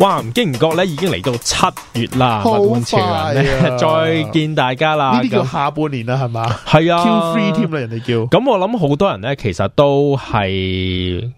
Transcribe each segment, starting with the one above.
哇！唔經唔覺咧，已經嚟到七月啦，好快啊！再見大家啦！呢啲叫下半年啦，係嘛？係啊，two three 添啦，人哋叫。咁我諗好多人咧，其實都係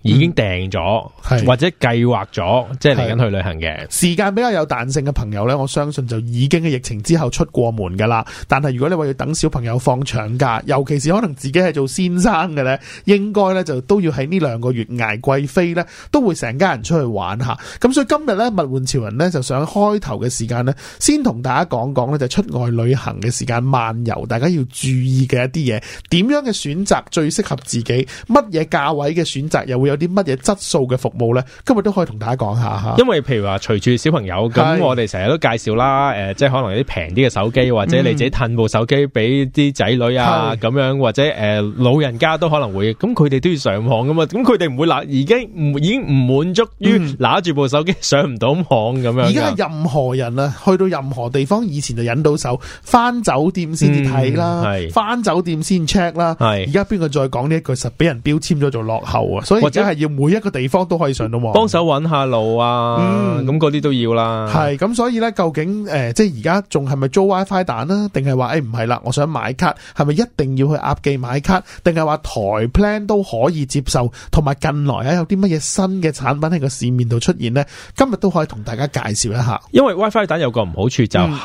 已經訂咗、嗯、或者計劃咗，即係嚟緊去旅行嘅、啊啊。時間比較有彈性嘅朋友咧，我相信就已經喺疫情之後出過門噶啦。但係如果你話要等小朋友放長假，尤其是可能自己係做先生嘅咧，應該咧就都要喺呢兩個月挨貴妃咧，都會成家人出去玩下。咁所以今日咧。物玩潮人咧，就想開頭嘅時間呢，先同大家講講咧，就是，出外旅行嘅時間漫遊，大家要注意嘅一啲嘢，點樣嘅選擇最適合自己，乜嘢價位嘅選擇又會有啲乜嘢質素嘅服務呢？今日都可以同大家講下吓。因為譬如話隨住小朋友咁，我哋成日都介紹啦，誒、呃，即係可能有啲平啲嘅手機，或者你自己褪部手機俾啲仔女啊，咁、嗯、樣或者誒、呃、老人家都可能會，咁佢哋都要上網噶嘛，咁佢哋唔會拿，已經唔已經唔滿足於拿住部手機上唔。嗯咁而家係任何人啊，去到任何地方，以前就引到手，返酒店先至睇啦，返、嗯、酒店先 check 啦。而家邊個再講呢一句，實俾人標籤咗做落後啊！所以或者係要每一個地方都可以上到網，幫手揾下路啊，咁嗰啲都要啦。係咁，所以呢，究竟誒、呃，即係而家仲係咪租 WiFi 蛋啦？定係話誒唔係啦？我想買卡，係咪一定要去鴨記買卡？定係話台 plan 都可以接受？同埋近來啊，有啲乜嘢新嘅產品喺個市面度出現呢？今日都。可以同大家介紹一下，因為 WiFi 蛋有個唔好處就係、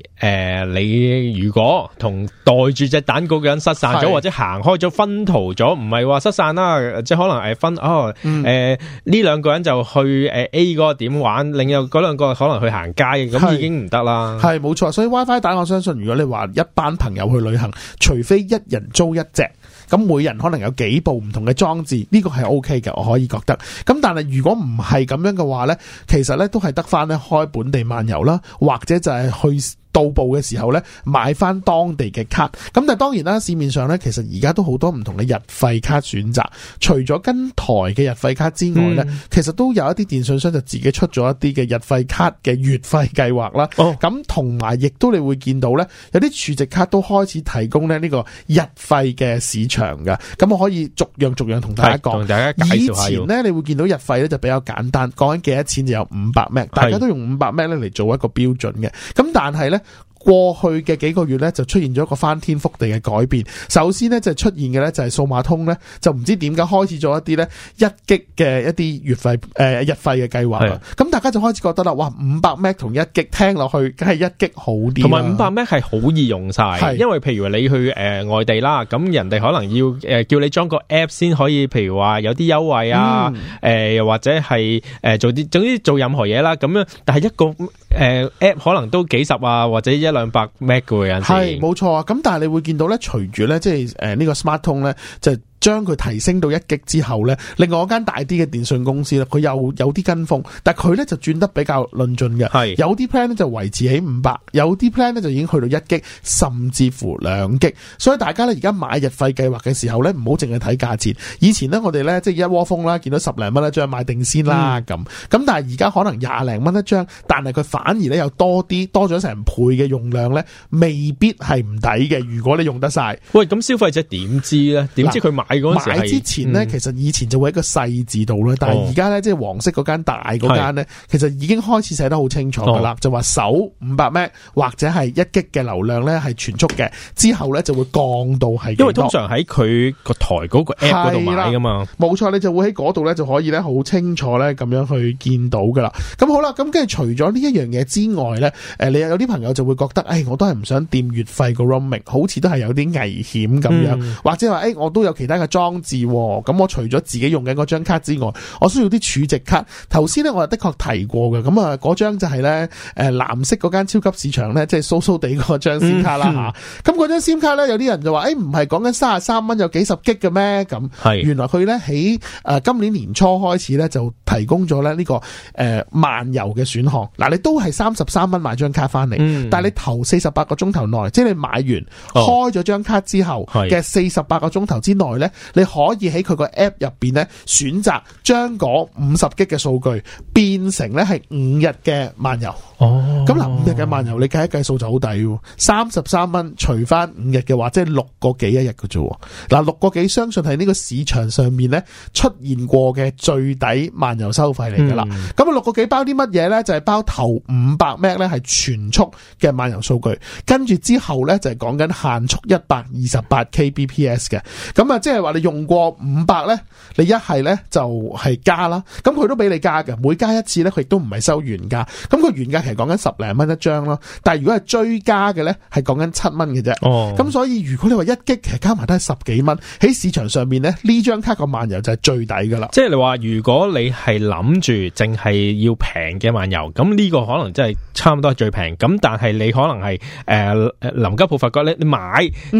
是，誒、嗯呃，你如果同帶住隻蛋嗰個人失散咗，或者行開咗分途咗，唔係話失散啦，即係可能係分哦，誒、呃，呢兩個人就去誒 A 嗰個點玩，另有嗰兩個可能去行街，咁已經唔得啦。係冇錯，所以 WiFi 蛋我相信，如果你話一班朋友去旅行，除非一人租一隻。咁每人可能有幾部唔同嘅裝置，呢個係 OK 嘅，我可以覺得。咁但係如果唔係咁樣嘅話呢，其實呢都係得翻呢開本地漫遊啦，或者就係去到步嘅時候呢，買翻當地嘅卡。咁但係當然啦，市面上呢，其實而家都好多唔同嘅日費卡選擇。除咗跟台嘅日費卡之外呢、嗯，其實都有一啲電信商就自己出咗一啲嘅日費卡嘅月費計劃啦。哦。咁同埋亦都你會見到呢，有啲儲值卡都開始提供咧呢個日費嘅市場㗎。咁我可以逐樣逐樣同大家講，同大家介紹下。以前呢，你會見到日費呢就比較簡單，講緊幾多錢就有五百 MB，大家都用五百 MB 咧嚟做一個標準嘅。咁但係呢。過去嘅幾個月咧，就出現咗一個翻天覆地嘅改變。首先咧，就出現嘅咧，就係數碼通咧，就唔知點解開始咗一啲咧一 G 嘅一啲月費誒、呃、日費嘅計劃。係咁，大家就開始覺得啦，哇，五百 Mac 同一 G，聽落去梗係一 G 好啲。同埋五百 Mac 係好易用晒，係因為譬如你去誒、呃、外地啦，咁人哋可能要誒、呃、叫你裝個 app 先可以，譬如話有啲優惠啊，誒、嗯、又、呃、或者係誒做啲，總之做任何嘢啦，咁樣。但係一個誒、呃、app 可能都幾十啊，或者一。一兩百 make 嘅人先，係冇錯啊！咁但係你會見到咧，隨住咧，即係誒呢個 smart 通咧，就是。將佢提升到 1GB 之後呢，另外一間大啲嘅電信公司咧，佢又有啲跟風，但佢呢就轉得比較論盡嘅。係。有啲 plan 呢就維持喺五百，有啲 plan 呢就已經去到 1GB，甚至乎 2GB。所以大家呢而家買日費計劃嘅時候呢，唔好淨係睇價錢。以前呢，我哋呢即係一窩蜂啦，見到十零蚊一張買定先啦咁。咁、嗯、但係而家可能廿零蚊一張，但係佢反而呢有多啲，多咗成倍嘅用量呢，未必係唔抵嘅。如果你用得晒，喂咁消費者點知呢？點知佢買買之前呢、嗯、其實以前就會喺個細字度啦，但係而家，家呢即係黃色嗰間大嗰間呢其實已經開始寫得好清楚噶啦、哦，就話首五百 Mbps 或者係一 G 嘅流量呢係全速嘅，之後呢就會降到係幾多。因為通常喺佢個台嗰個 app 嗰度買噶嘛，冇錯，你就會喺嗰度呢就可以呢好清楚呢咁樣去見到噶啦。咁好啦，咁跟住除咗呢一樣嘢之外呢誒、呃，你有有啲朋友就會覺得，誒、哎，我都係唔想掂月費個 Roaming，好似都係有啲危險咁樣、嗯，或者話誒、哎，我都有其他。嘅裝置，咁我除咗自己用緊嗰張卡之外，我需要啲儲值卡。頭先咧，我的確提過嘅，咁啊，嗰張就係咧，誒，藍色嗰間超級市場咧，即係蘇蘇地嗰張 sim 卡啦吓。咁嗰張 sim 卡咧，有啲人就話，誒、欸，唔係講緊三十三蚊有幾十 G 嘅咩？咁係，原來佢咧喺誒今年年初開始咧就提供咗咧呢個誒、呃、漫遊嘅選項。嗱，你都係三十三蚊買張卡翻嚟、嗯，但係你頭四十八個鐘頭內，即係你買完開咗張卡之後嘅四十八個鐘頭之內咧。哦。你可以喺佢個 app 入邊咧選擇將嗰五十 G 嘅數據變成咧係五日嘅漫遊。哦。咁嗱，五日嘅漫遊你計一計數就好抵，三十三蚊除翻五日嘅話，即係六個幾一日嘅啫。嗱，六個幾相信係呢個市場上面咧出現過嘅最抵漫遊收費嚟噶啦。咁啊六個幾包啲乜嘢咧？就係、是、包頭五百 Mbps 咧係全速嘅漫遊數據，跟住之後咧就係講緊限速一百二十八 Kbps 嘅。咁啊即係。話你用過五百咧，你一係咧就係加啦，咁佢都俾你加嘅。每加一次咧，佢亦都唔係收原價，咁個原價其實講緊十零蚊一張咯。但係如果係追加嘅咧，係講緊七蚊嘅啫。哦，咁所以如果你話一擊其實加埋都係十幾蚊，喺市場上面咧呢張卡個漫遊就係最抵噶啦。即係你話如果你係諗住淨係要平嘅漫遊，咁呢個可能真係差唔多係最平。咁但係你可能係誒誒，林家布發覺咧，你買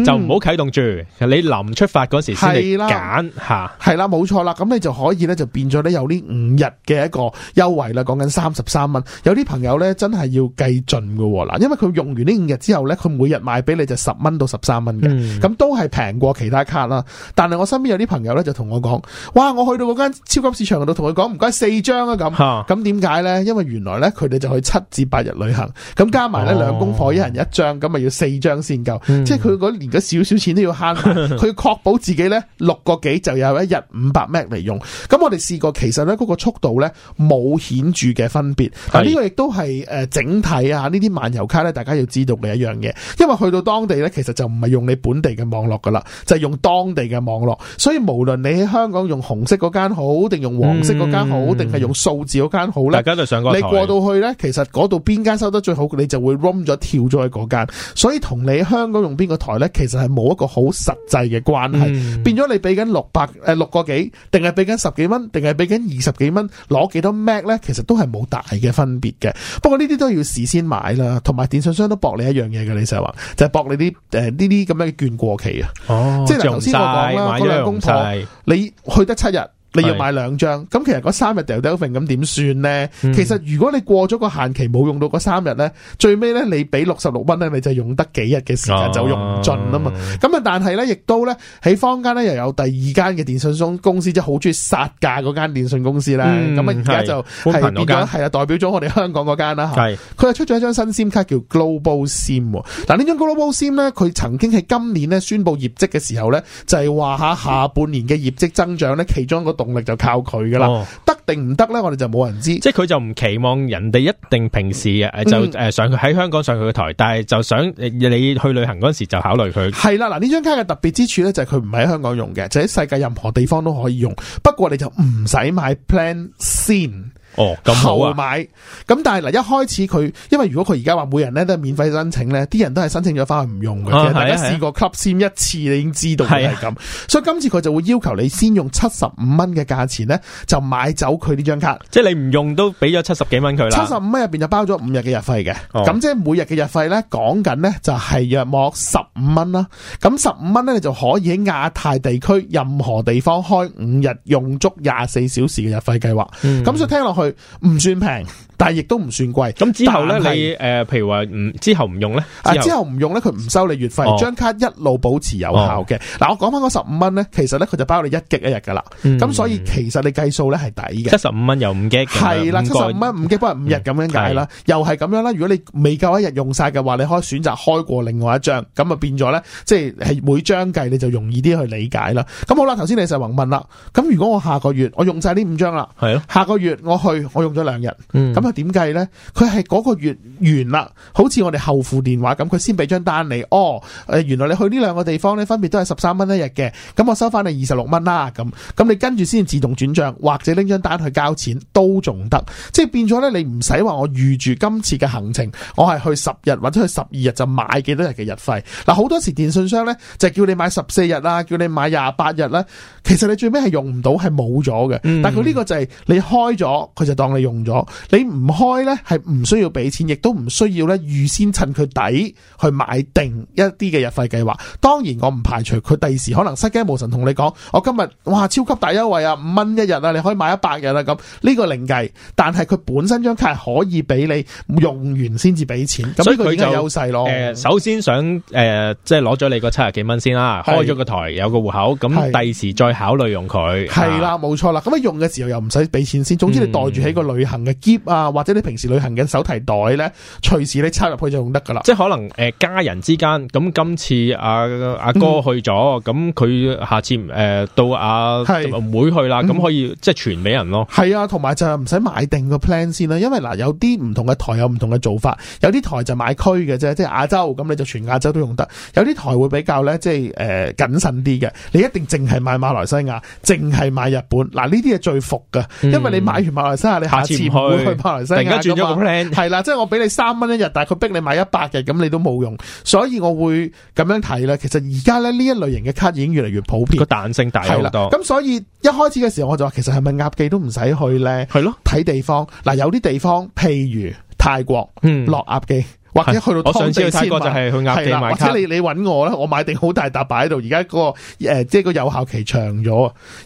就唔好啟動住，你臨出發嗰時先。係啦，冇錯啦。咁你就可以呢，就變咗呢，有呢五日嘅一個優惠啦。講緊三十三蚊，有啲朋友呢真係要計盡噶嗱，因為佢用完呢五日之後呢，佢每日賣俾你就十蚊到十三蚊嘅，咁、嗯、都係平過其他卡啦。但係我身邊有啲朋友呢，就同我講，哇，我去到嗰間超級市場嗰度同佢講，唔該四張啊咁。咁點解呢？因為原來呢，佢哋就去七至八日旅行，咁加埋呢兩公婆一人一張，咁咪要四張先夠。即係佢嗰連嗰少少錢都要慳，佢要確保自己呢。六個幾就有一日五百 Mbps 嚟用，咁我哋試過，其實呢嗰個速度呢冇顯著嘅分別。嗱呢個亦都係誒整體啊，呢啲漫遊卡呢，大家要知道嘅一樣嘢，因為去到當地呢，其實就唔係用你本地嘅網絡噶啦，就係、是、用當地嘅網絡。所以無論你喺香港用紅色嗰間好，定用黃色嗰間好，定、嗯、係用數字嗰間好呢，大家就上過你過到去呢，其實嗰度邊間收得最好，你就會 room 咗跳咗去嗰間。所以同你香港用邊個台呢，其實係冇一個好實際嘅關係。嗯變咗你俾緊六百，誒、呃、六個幾，定係俾緊十幾蚊，定係俾緊二十幾蚊，攞幾多 MAC 咧？其實都係冇大嘅分別嘅。不過呢啲都要事先買啦，同埋電信商都博你一樣嘢嘅。你成日話就係、是、博你啲誒呢啲咁樣嘅券過期啊！哦，即係頭先我講啦，嗰兩公婆，你去得七日。你要買兩張，咁其實嗰三日掉掉剩咁點算呢、嗯？其實如果你過咗個限期冇用到嗰三日呢，最尾呢你俾六十六蚊呢，你就用得幾日嘅時間就用唔盡啊嘛！咁、嗯、啊，但係呢，亦都呢，喺坊間呢，又有第二間嘅電信公司，即係好中意殺價嗰間電信公司咧。咁啊而家就係點係啊？代表咗我哋香港嗰間啦，佢又出咗一張新 SIM 卡叫 Global SIM。嗱，呢張 Global SIM 咧，佢曾經喺今年呢宣佈業績嘅時候呢，就係話下下半年嘅業績增長呢，其中一個動力就靠佢噶啦，得定唔得呢？我哋就冇人知。即係佢就唔期望人哋一定平時嘅就誒上喺香港上佢嘅台，嗯、但係就想你去旅行嗰時就考慮佢。係、嗯、啦，嗱呢張卡嘅特別之處呢，就係佢唔喺香港用嘅，就喺、是、世界任何地方都可以用。不過你就唔使買 plan C。哦，咁好、啊、買咁但係嗱，一開始佢因為如果佢而家話每人咧都係免費申請咧，啲人都係申請咗翻去唔用嘅。哦、其實大家試過 club 先一次、哦啊啊，你已經知道佢係咁、啊。所以今次佢就會要求你先用七十五蚊嘅價錢咧，就買走佢呢張卡。即係你唔用都俾咗七十幾蚊佢啦。七十五蚊入邊就包咗五日嘅、哦、日費嘅。咁即係每日嘅日費咧，講緊咧就係約莫十五蚊啦。咁十五蚊咧，你就可以喺亞太地區任何地方開五日用足廿四小時嘅日費計劃。咁、嗯、所以聽落去。唔算平。但亦都唔算貴。咁之後咧，你誒、呃、譬如話唔之後唔用咧，之後唔用咧，佢唔、啊、收你月費，張、哦、卡一路保持有效嘅。嗱、哦，我講翻嗰十五蚊咧，其實咧佢就包你一 G 一日㗎啦。咁、嗯、所以其實你計數咧係抵嘅。七十五蚊又五 G，係啦，七十五蚊五 G，不過五日咁樣計啦，又係咁樣啦。如果你未夠一日用晒嘅話，你可以選擇開過另外一張，咁啊變咗咧，即係係每張計你就容易啲去理解啦。咁好啦，頭先你就係問啦，咁如果我下個月我用晒呢五張啦，係咯，下個月我去我用咗兩日，咁、嗯。點計呢？佢係嗰個月完啦，好似我哋後付電話咁，佢先俾張單你哦，誒，原來你去呢兩個地方呢，分別都係十三蚊一日嘅。咁我收翻你二十六蚊啦。咁咁你跟住先自動轉賬，或者拎張單去交錢都仲得。即係變咗呢，你唔使話我預住今次嘅行程，我係去十日或者去十二日就買幾多日嘅日費。嗱，好多時電信商呢，就叫你買十四日啦，叫你買廿八日啦，其實你最尾係用唔到，係冇咗嘅。但佢呢個就係你開咗，佢就當你用咗，你唔。唔開呢，係唔需要俾錢，亦都唔需要呢，預先趁佢底去買定一啲嘅日費計劃。當然，我唔排除佢第時可能失驚無神同你講：我今日哇，超級大優惠啊，五蚊一日啊，你可以買一百日啦咁。呢個另計，但係佢本身張卡係可以俾你用完先至俾錢，咁呢佢已經優勢咯、呃。首先想誒、呃，即係攞咗你個七十幾蚊先啦，開咗個台，有個戶口，咁第時再考慮用佢。係啦，冇錯啦。咁你用嘅時候又唔使俾錢先，總之你袋住喺個旅行嘅喼啊～或者你平時旅行嘅手提袋咧，隨時你插入去就用得噶啦。即係可能誒、呃、家人之間咁，今次阿、啊、阿、啊、哥去咗，咁、嗯、佢下次誒、呃、到阿、就唔會去啦，咁、嗯、可以即係傳俾人咯。係啊，同埋就係唔使買定個 plan 先啦，因為嗱、呃、有啲唔同嘅台有唔同嘅做法，有啲台就買區嘅啫，即係亞洲咁你就全亞洲都用得。有啲台會比較咧，即係誒、呃、謹慎啲嘅，你一定淨係買馬來西亞，淨係買日本。嗱呢啲係最伏噶、嗯，因為你買完馬來西亞，你下次唔會去。突然間轉咗個 plan，係啦，即係、就是、我俾你三蚊一日，但係佢逼你買一百日，咁你都冇用，所以我會咁樣睇啦。其實而家咧呢一類型嘅卡已經越嚟越普遍，個彈性大好多。咁所以一開始嘅時候我就話，其實係咪鴨記都唔使去咧，係咯，睇地方。嗱、啊，有啲地方譬如泰國，嗯、落鴨記或者去到我上次去泰國就係去鴨記買卡，或者你你揾我呢，我買定好大沓擺喺度。而家嗰個誒，即、呃、係、就是、個有效期長咗，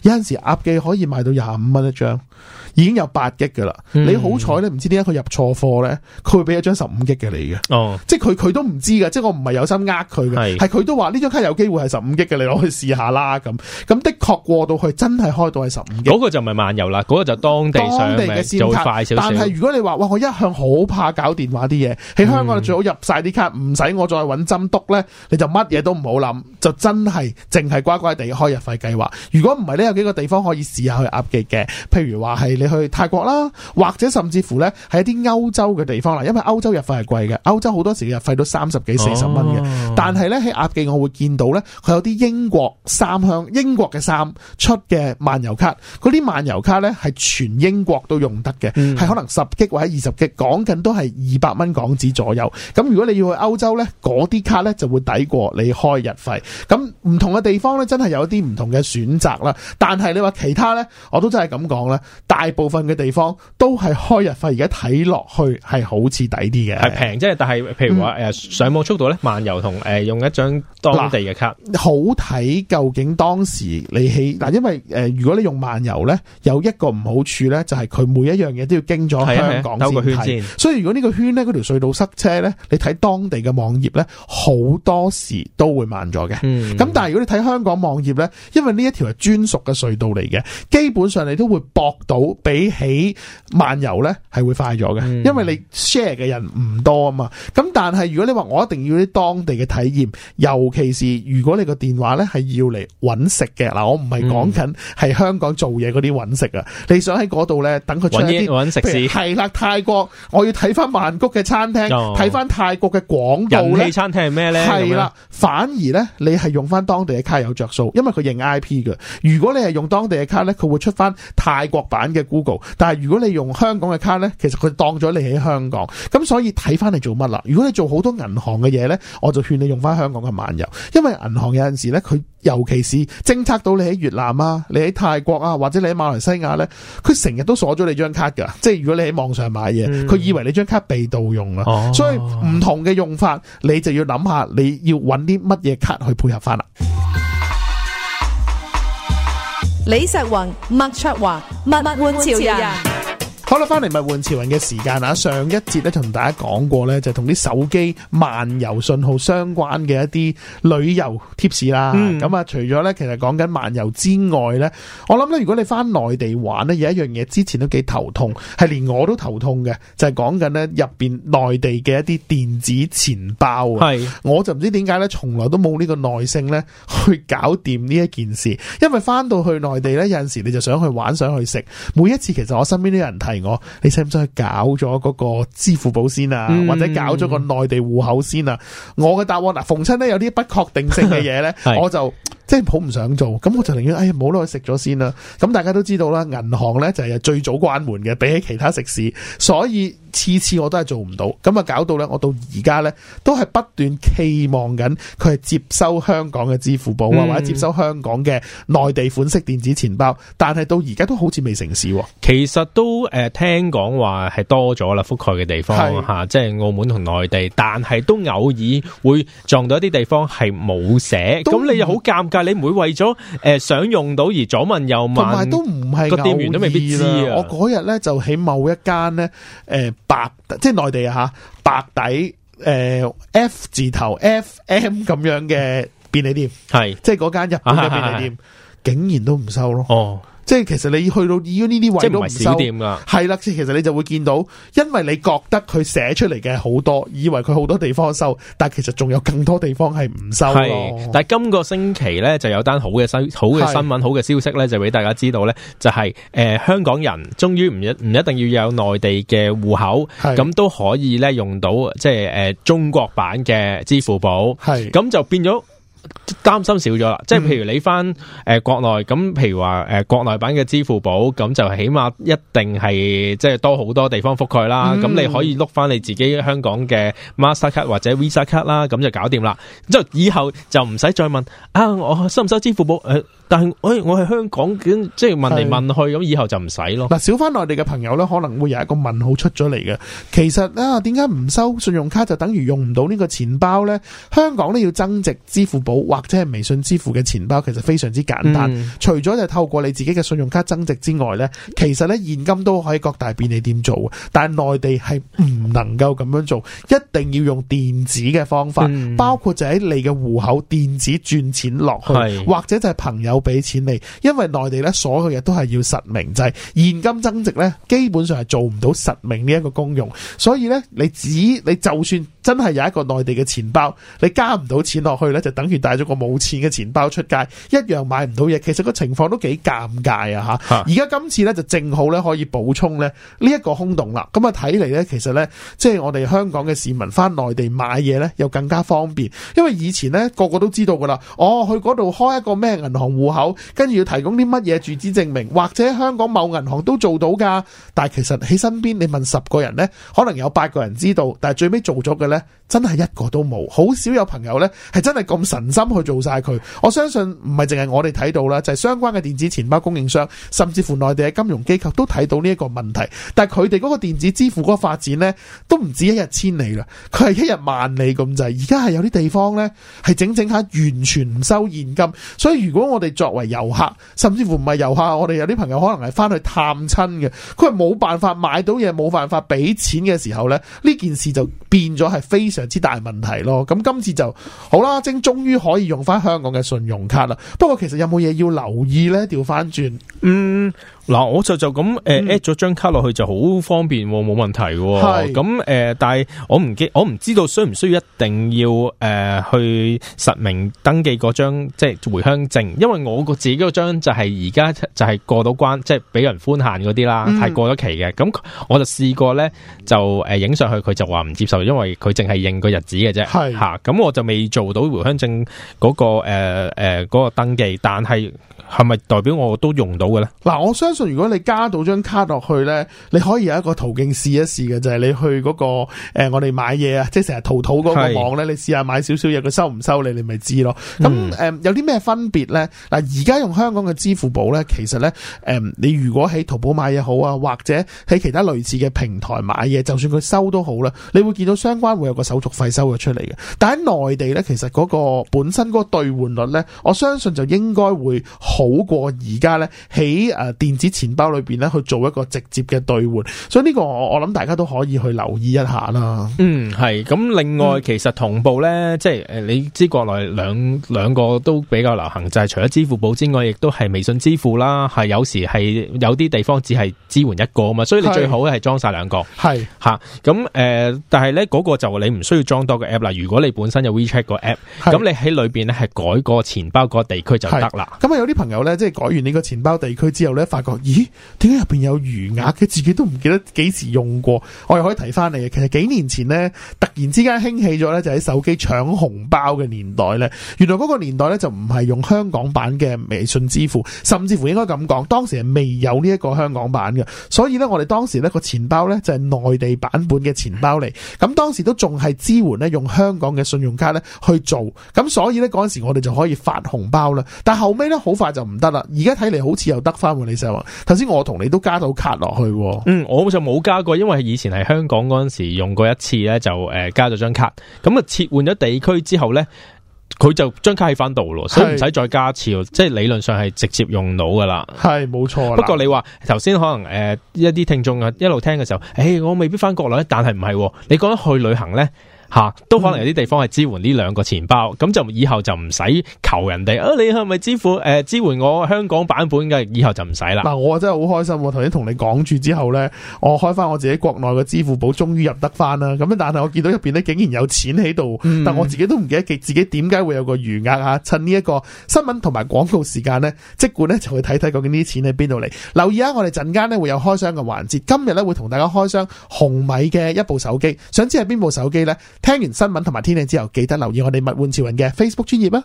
有陣時鴨記可以賣到廿五蚊一張。已經有八億嘅啦，你好彩咧，唔知點解佢入錯貨咧，佢會俾一張十五億嘅你嘅，即係佢佢都唔知嘅，即係我唔係有心呃佢嘅，係佢都話呢張卡有機會係十五億嘅，你攞去試下啦咁，咁的確過到去真係開到係十五億。嗰個就唔係漫遊啦，嗰、嗰個就當地當地嘅線卡做快點點，但係如果你話哇，我一向好怕搞電話啲嘢，喺香港最好入晒啲卡，唔、嗯、使我再揾針督咧，你就乜嘢都唔好諗，就真係淨係乖乖地開日費計劃。如果唔係咧，你有幾個地方可以試下去押記嘅，譬如話係去泰國啦，或者甚至乎呢係一啲歐洲嘅地方啦，因為歐洲日費係貴嘅，歐洲好多時日費都三十幾、四十蚊嘅。Oh. 但係呢，喺鴨記我會見到呢，佢有啲英國三向、英國嘅三出嘅漫遊卡，嗰啲漫遊卡呢係全英國都用得嘅，係、mm. 可能十 G 或者二十 G，講緊都係二百蚊港紙左右。咁如果你要去歐洲呢，嗰啲卡呢就會抵過你開日費。咁唔同嘅地方呢，真係有一啲唔同嘅選擇啦。但係你話其他呢，我都真係咁講啦。大。部分嘅地方都係開日費，而家睇落去係好似抵啲嘅，係平啫。但係譬如話誒、嗯，上網速度咧，漫遊同誒用一張當地嘅卡，好睇究竟當時你起嗱，因為誒、呃，如果你用漫遊咧，有一個唔好處咧，就係佢每一樣嘢都要經咗香港個圈先。所以如果呢個圈咧，嗰條隧道塞車咧，你睇當地嘅網頁咧，好多時都會慢咗嘅。咁、嗯、但係如果你睇香港網頁咧，因為呢一條係專屬嘅隧道嚟嘅，基本上你都會駁到。比起漫遊呢，係會快咗嘅，因為你 share 嘅人唔多啊嘛。咁但係如果你話我一定要啲當地嘅體驗，尤其是如果你個電話呢係要嚟揾食嘅嗱，我唔係講緊係香港做嘢嗰啲揾食啊。你想喺嗰度呢，等佢出一啲揾食，比如係啦，泰國我要睇翻曼谷嘅餐廳，睇翻泰國嘅廣告呢，人氣餐廳係咩呢？係啦，反而呢，你係用翻當地嘅卡有着數，因為佢認 IP 嘅。如果你係用當地嘅卡呢，佢會出翻泰國版嘅。但係如果你用香港嘅卡呢，其實佢當咗你喺香港，咁所以睇翻嚟做乜啦？如果你做好多銀行嘅嘢呢，我就勸你用翻香港嘅漫遊，因為銀行有陣時呢，佢尤其是偵測到你喺越南啊、你喺泰國啊或者你喺馬來西亞呢，佢成日都鎖咗你張卡噶，即係如果你喺網上買嘢，佢、嗯、以為你張卡被盜用啦、哦，所以唔同嘅用法，你就要諗下你要揾啲乜嘢卡去配合翻啦。李石宏、麥卓華，麥物玩潮人。好啦，翻嚟物玩潮人嘅時間啦。上一節咧同大家講過咧，就同啲手機漫遊信號相關嘅一啲旅遊 tips 啦。咁、嗯、啊，除咗咧，其實講緊漫遊之外咧，我諗咧，如果你翻內地玩咧，有一樣嘢之前都幾頭痛，係連我都頭痛嘅，就係講緊咧入邊內地嘅一啲電子錢包啊。係，我就唔知點解咧，從來都冇呢個耐性咧去搞掂呢一件事，因為翻到去內地咧，有陣時你就想去玩，想去食。每一次其實我身邊啲人睇。我你使唔使去搞咗嗰個支付寶先啊？或者搞咗個內地戶口先啊？嗯、我嘅答案嗱，逢親咧有啲不確定性嘅嘢咧，我就即係好唔想做，咁我就寧願哎呀，唔好攞去食咗先啦。咁大家都知道啦，銀行咧就係最早關門嘅，比起其他食肆，所以。次次我都係做唔到，咁啊搞到咧，我到而家咧都係不斷期望緊佢係接收香港嘅支付寶啊，或者接收香港嘅內地款式電子錢包，但係到而家都好似未成事。其實都誒聽講話係多咗啦，覆蓋嘅地方吓，即係澳門同內地，但係都偶爾會撞到一啲地方係冇寫，咁你就好尷尬，你唔會為咗誒想用到而左問右問，同埋都唔係個店員都未必知啊！我嗰日咧就喺某一間咧誒。白即係內地吓，白底誒、呃、F 字頭 FM 咁樣嘅便利店，係即係嗰間日本嘅便利店， 竟然都唔收咯。哦即係其實你去到而家呢啲位即係唔收，係啦，即係其實你就會見到，因為你覺得佢寫出嚟嘅好多，以為佢好多地方收，但其實仲有更多地方係唔收。但係今個星期呢，就有單好嘅新好嘅新聞、好嘅消息呢，就俾大家知道呢，就係、是、誒、呃、香港人終於唔一唔一定要有內地嘅戶口，咁都可以呢用到即係誒、呃、中國版嘅支付寶，係咁就變咗。擔心少咗啦，即係譬如你翻，誒國內咁，譬如話誒國內版嘅支付寶咁，就起碼一定係即係多好多地方覆蓋啦。咁、嗯、你可以碌翻你自己香港嘅 Master 卡或者 Visa 卡啦，咁就搞掂啦。之後以後就唔使再問啊，我收唔收支付寶誒？呃但係、哎，我我喺香港咁即係問嚟問去，咁以後就唔使咯。嗱，少返內地嘅朋友咧，可能會有一個問號出咗嚟嘅。其實啊，點解唔收信用卡就等於用唔到呢個錢包咧？香港咧要增值支付寶或者係微信支付嘅錢包，其實非常之簡單，嗯、除咗就透過你自己嘅信用卡增值之外咧，其實咧現金都可以各大便利店做。但係內地係唔能夠咁樣做，一定要用電子嘅方法、嗯，包括就喺你嘅戶口電子轉錢落去，或者就係朋友。冇俾錢你，因為內地咧所有嘢都係要實名制，現金增值咧基本上係做唔到實名呢一個功用，所以咧你只你就算。真係有一個內地嘅錢包，你加唔到錢落去呢，就等如帶咗個冇錢嘅錢包出街，一樣買唔到嘢。其實個情況都幾尷尬啊！吓，而家今次呢，就正好呢可以補充呢呢一個空洞啦。咁啊睇嚟，呢，其實呢，即係我哋香港嘅市民返內地買嘢呢，又更加方便。因為以前呢，個個都知道噶啦，哦去嗰度開一個咩銀行戶口，跟住要提供啲乜嘢住址證明，或者香港某銀行都做到噶。但係其實喺身邊你問十個人呢，可能有八個人知道，但係最尾做咗嘅呢，真係一個都冇，好少有朋友呢，係真係咁神心去做晒佢。我相信唔係淨係我哋睇到啦，就係相關嘅電子錢包供應商，甚至乎內地嘅金融機構都睇到呢一個問題。但係佢哋嗰個電子支付嗰個發展呢，都唔止一日千里啦，佢係一日萬里咁滯。而家係有啲地方呢，係整整下完全唔收現金。所以如果我哋作為遊客，甚至乎唔係遊客，我哋有啲朋友可能係翻去探親嘅，佢係冇辦法買到嘢，冇辦法俾錢嘅時候呢，呢件事就變咗係。非常之大問題咯，咁今次就好啦，正終於可以用翻香港嘅信用卡啦。不過其實有冇嘢要留意呢？調翻轉，嗯。嗱、啊，我就就咁誒 at 咗張卡落去就好方便喎，冇問題喎。咁誒、呃，但係我唔記，我唔知道需唔需要一定要誒、呃、去實名登記張，即係回鄉證，因為我個自己張就係而家就係過到關即係俾人寬限啲啦，係、嗯、過咗期嘅。咁我就試過咧，就誒影、呃、上去，佢就話唔接受，因為佢淨係認個日子嘅啫。係吓，咁、啊、我就未做到回鄉證嗰、那個誒誒嗰個登記，但係係咪代表我都用到嘅咧？嗱、啊，我相。如果你加到張卡落去呢，你可以有一個途徑試一試嘅，就係、是，你去嗰、那個誒、呃、我哋買嘢啊，即係成日淘淘嗰個網呢，你試下買少少嘢，佢收唔收你，你咪知咯。咁誒、呃，有啲咩分別呢？嗱，而家用香港嘅支付寶呢，其實呢，誒、呃、你如果喺淘寶買嘢好啊，或者喺其他類似嘅平台買嘢，就算佢收都好啦，你會見到相關會有個手續費收咗出嚟嘅。但喺內地呢，其實嗰個本身嗰個兌換率呢，我相信就應該會好過而家呢喺誒電子。啲錢包裏邊咧，去做一個直接嘅兌換，所以呢個我我諗大家都可以去留意一下啦。嗯，係咁。咁另外，其實同步咧、嗯，即係誒，你知國內兩兩個都比較流行，就係、係、除咗支付寶之外，亦都係微信支付啦。係有時係有啲地方只係支援一個啊嘛，所以你最好咧係裝晒兩個。係吓咁誒，但係咧嗰個就你唔需要裝多個 app 啦。如果你本身有 WeChat 個 app，咁你喺裏邊咧係改個錢包個地區就得啦。咁啊，咁有啲朋友咧，即係改完你個錢包地區之後咧，發覺。咦？點解入邊有餘額嘅？自己都唔記得幾時用過，我又可以提翻嚟嘅。其實幾年前呢，突然之間興起咗呢，就喺手機搶紅包嘅年代呢。原來嗰個年代呢，就唔係用香港版嘅微信支付，甚至乎應該咁講，當時係未有呢一個香港版嘅。所以呢，我哋當時呢個錢包呢，就係內地版本嘅錢包嚟。咁當時都仲係支援呢用香港嘅信用卡呢去做。咁所以呢，嗰陣時我哋就可以發紅包啦。但後尾呢，好快就唔得啦。而家睇嚟好似又得翻喎，李頭先我同你都加到卡落去，嗯，我就冇加過，因為以前係香港嗰陣時用過一次咧，就誒加咗張卡，咁啊切換咗地區之後呢，佢就張卡喺翻度咯，所以唔使再加次，即係理論上係直接用到噶啦，係冇錯。不過你話頭先可能誒、呃、一啲聽眾啊一路聽嘅時候，誒、欸、我未必翻國內，但係唔係，你講去旅行呢？吓、啊，都可能有啲地方係支援呢兩個錢包，咁、嗯、就以後就唔使求人哋啊！你係咪支付誒、呃、支援我香港版本嘅？以後就唔使啦。嗱，我真係好開心，頭先同你講住之後呢，我開翻我自己國內嘅支付寶，終於入得翻啦。咁但係我見到入邊呢，竟然有錢喺度、嗯，但我自己都唔記得自己點解會有個餘額吓。趁呢一個新聞同埋廣告時間呢，即管呢就去睇睇究竟呢啲錢喺邊度嚟。留意下，我哋陣間呢會有開箱嘅環節，今日呢會同大家開箱紅米嘅一部手機，想知係邊部手機呢？聽完新聞同埋天氣之後，記得留意我哋物玩潮人嘅 Facebook 專頁啊！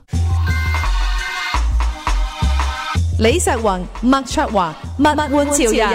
李石宏、麥卓華、物物玩潮人。